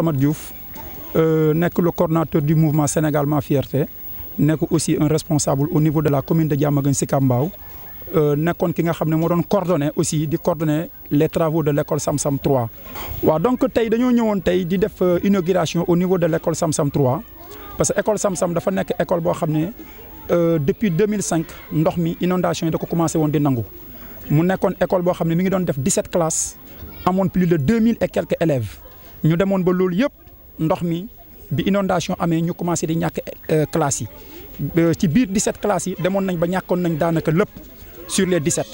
Amath Diouf euh, le coordinateur du mouvement Sénégal ma fierté aussi un responsable au niveau de la commune de Diamaguène Sicap euh, nekkoon ki aussi di coordonner les travaux de l'école Samsam 3. donc nous avons fait une inauguration au niveau de l'école Samsam 3 parce que l'école Samsam dafa école euh, depuis 2005 nous inondation commencé à faire nangu mu nekkoon école a 17 classes amoon plus de 2000 et quelques élèves. ñu demoon ba loolu yëpp ndox mi bi inondation amee ñu commencé di ñàkk euh, classes yi ci biir 17 classes yi demoon nañ ba ñàkkoon nañ daanaka lépp sur les 17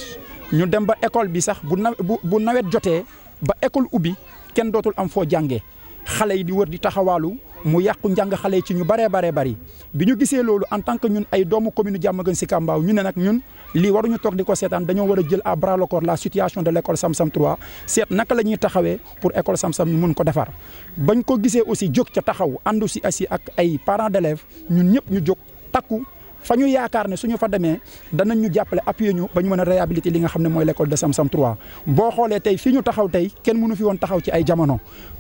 ñu dem ba école bi sax bu na bu bu nawet jotee ba école ubbi kenn dootul am foo jàngee xale yi di wër di taxawaalu. mu yàqu njàng xale ci ñu baree baree bari bi ñu gisee loolu en tant que ñun ay doomu commune Diamaguène Sicap Mbao ñu ne nag ñun lii waruñu toog di ko seetaan dañoo war a jël à bras le la situation de l' école sam seet naka la ñuy taxawee pour école Sam-Sam ñu mun ko defar bañ ko gisee aussi jog ca taxaw àndu si asi ak ay parents d' élèves ñun ñëpp ñu jóg takku fañu ñu ne suñu fa démé danañ ñu jappalé appuyer ñu ba ñu réhabiliter li nga xamné moy l'école de Samsam 3 bo xolé tay fiñu taxaw tay kenn mënu fi won taxaw ci ay jamono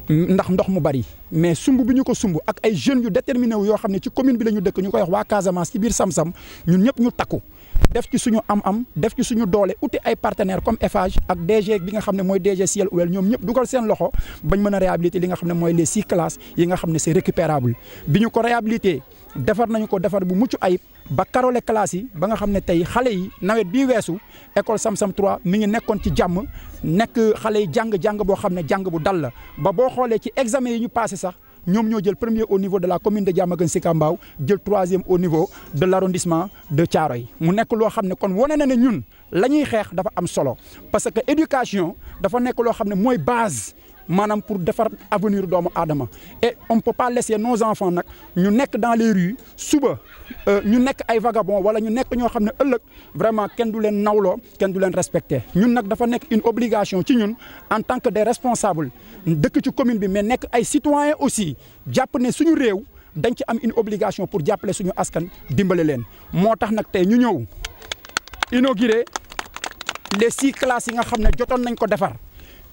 ndax ndox mu bari mais sumbu biñu ko sumbu ak ay jeunes yu déterminé yo xamné ci commune bi lañu dëkk ñu koy wax wa Casamance ci biir Samsam ñun ñëpp ñu takku def ci suñu am-am def ci suñu doolé uti ay partenaires comme FH, ak DG bi nga xamné moy DG Ciel Ouel ñom ñëpp dugal seen loxo bañ mëna a réhabiliter li nga xamné moy les six classes yi nga xamné c'est récupérable biñu ko réhabiliter défar nañu ko defar bu muccu ayib ba karole classe yi ba nga xamné ne xalé yi nawet bi weesu école Sam-Sam 3 mi ngi nekkoon ci jamm nekk xalé yi jang jang bo xamné ne bu dal la ba bo xolé ci examen yi ñu passé sax ñom ñoo jël premier au niveau de la commune de Diamaguène Sicap jël 3 troisième au niveau de l'arrondissement de Thiaroye mu nekk lo xamné ne kon wane na né ñun lañuy ñuy dafa am solo parce que éducation dafa nekk lo xamné ne base Manam pour defar avenir doomu Adama. et on peut pas laisser nos enfants nak, ñu dans les rues suba euh, ñu nekk ay vagabonds, wala ñu nekk ñoo xam ne ëllëg vraiment kenn du leen nawloo kenn du leen respecté ñun nak dafa nek une obligation ci ñun en tant que des responsables dëkk ci commune bi mais nek ay citoyens aussi japp ne suñu réew dañ ci am une obligation pour jàppale suñu askan dimbalé leen motax nak tay ñu ñëw inaugurer les six classes yi nga xamné ne nañ ko défar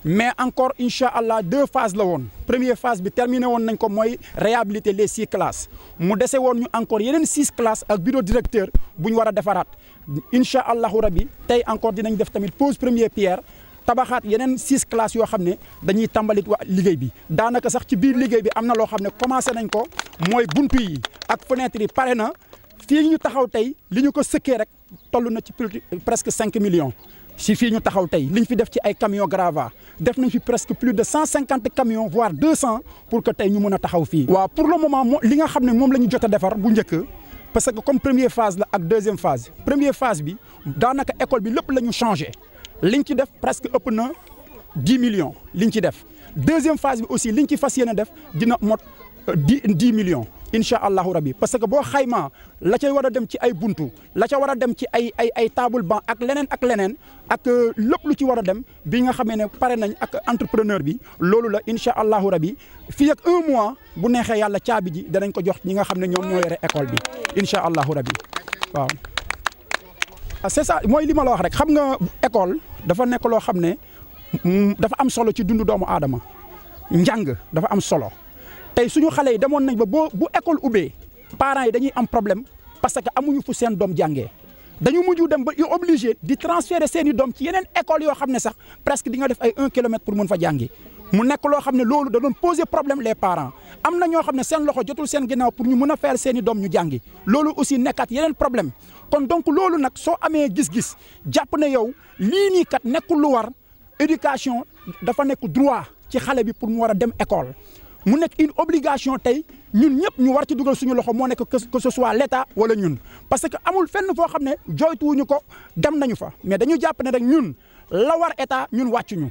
mais encore inshallah allah deux phases la woon première phase bi terminé won nañ ko moy réhabiliter les six classes mu déssé won ñu encore yenen six classes ak bureau directeur buñ wara défarat a rabbi tay encore dinañ def tamit pose première pierre tabaxat yenen six classes yo xamné dañuy tambalit wa liggéey bi danaka sax ci biir liggéey bi amna lo xamné commencé nañ ko moy buntu yi ak fenêtre yi pare na fi ñu taxaw tay liñu ko sëkkee rek tollu na ci presque cinq millions si nous taxaw des camions grava def nañ presque plus de 150 camions voire 200 pour que tay ñu mëna taxaw fi pour le moment li nga xamné mom lañu jotté défar bu parce que comme première phase la deuxième phase première phase bi danaka école bi lepp lañu changer liñ presque 10 millions liñ deuxième phase bi aussi liñ ci 10 euh, millions insha Allah, rabbi parce que bo xayma la cay wara dem ci ay buntu la ca wara dem ci ay ay ay table ban ak lenen ak lenen ak euh, lepp lu ci wara dem bi nga xamé ne paré nañ ak entrepreneur bi lolo la insha Allah, rabbi fi ak 1 mois bu neexee yàlla bi ji dañ ko jox ñi nga xamné ne ñoy yéré école bi insha Allah, rabbi waaw. Ah, c'est ça moy li ma la wax rek xam nga école dafa nek lo xamné mm, dafa am solo ci dundu doomu adama njang dafa am solo. tay suñu xalé yi demone nañ ba bu école ubé parents yi dañuy am problème parce que amuñu fu seen dom jàngee dañu muju dem ba yu obligé di transférer seen dom ci yenen école yo xamné sax presque di nga def ay 1 km pour mën fa jàngi mu nek lo xamné lolu da doon poser problème les parents amna ño xamné seen loxo jotul seen ginnaaw pour ñu mëna faire fayal seen i ñu jàngi lolu aussi nekkaat yenen problème kon donc lolu nak so amé gis-gis japp ne yow li ni kat nekul lu war éducation dafa nekk droit ci xalé bi pour mu wara dem école mu une obligation nous ñun tous ñu war que ce soit l'État wala ñun parce que nous fenn foo xam ne nous ko dem mais nous devons faire rek ñun la war État Nous wàccuñu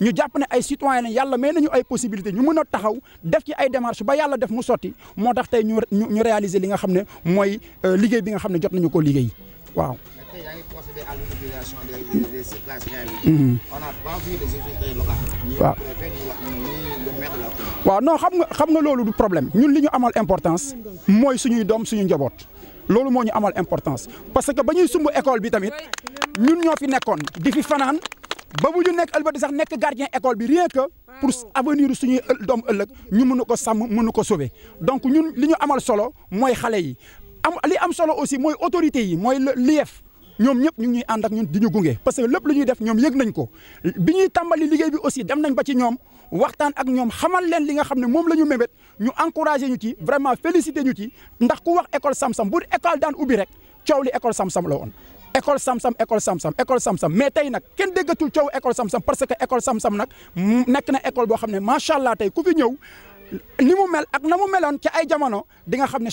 ñu Nous sommes ay citoyen faire. yàlla may Nous ay possibilité ñu faire a nous def ci ay démarche ba def mu réaliser li nga ne euh, association des, des, des classes mm-hmm. on n'a pas vu les autorités locales. ni le préfet, ni le maire de la commune. waaw non xam nga xam nga loolu du problème ñun li ñu amal importance moy suñuy dom suñu njaboot Lolu moo ñu amal importance parce que bañuy sumbu école bi tamit ñun ñofi fi di fi fanaan. ba bu ñu nekk albati sax nekk gardien école bi rien que pour avenir suñuy dom ëlëk ñu mënu ko sam mënu ko sauver donc ñun li ñu amal solo moy xalé yi am li am solo aussi moy autorité yi moy l'IEF ñom ñep ñu ngi ñuy ànd ak ñun diñu gungé parce que lepp lu ñuy def ñom yegg nañ ko biñuy tambali tàmbali liggéey bi aussi dem nañ ba ci ñom waxtaan ak ñom xamal leen li nga xamné mom lañu la ñu mébét ñu encouragé ñu ci vraiment féliciter ñu ci ndax ku wax école samsam sam bu école daan ubbi rek ciowli école samsam sam la woon école samsam école samsam école samsam mais tay nak kenn déggatul ciow école samsam parce que école samsam nak nek na école bo xamné machallah tay ku fi ñew ni mu mel ak namu ci ay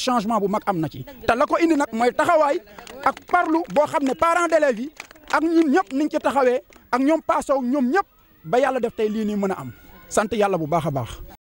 changement bu mag am na ci te la indi nag mooy taxawaay ak parlu boo ne parents d'élèves yi ak ñun ñëpp niñ ci taxawee ak ñoom ñoom ñëpp ba def am sant yàlla bu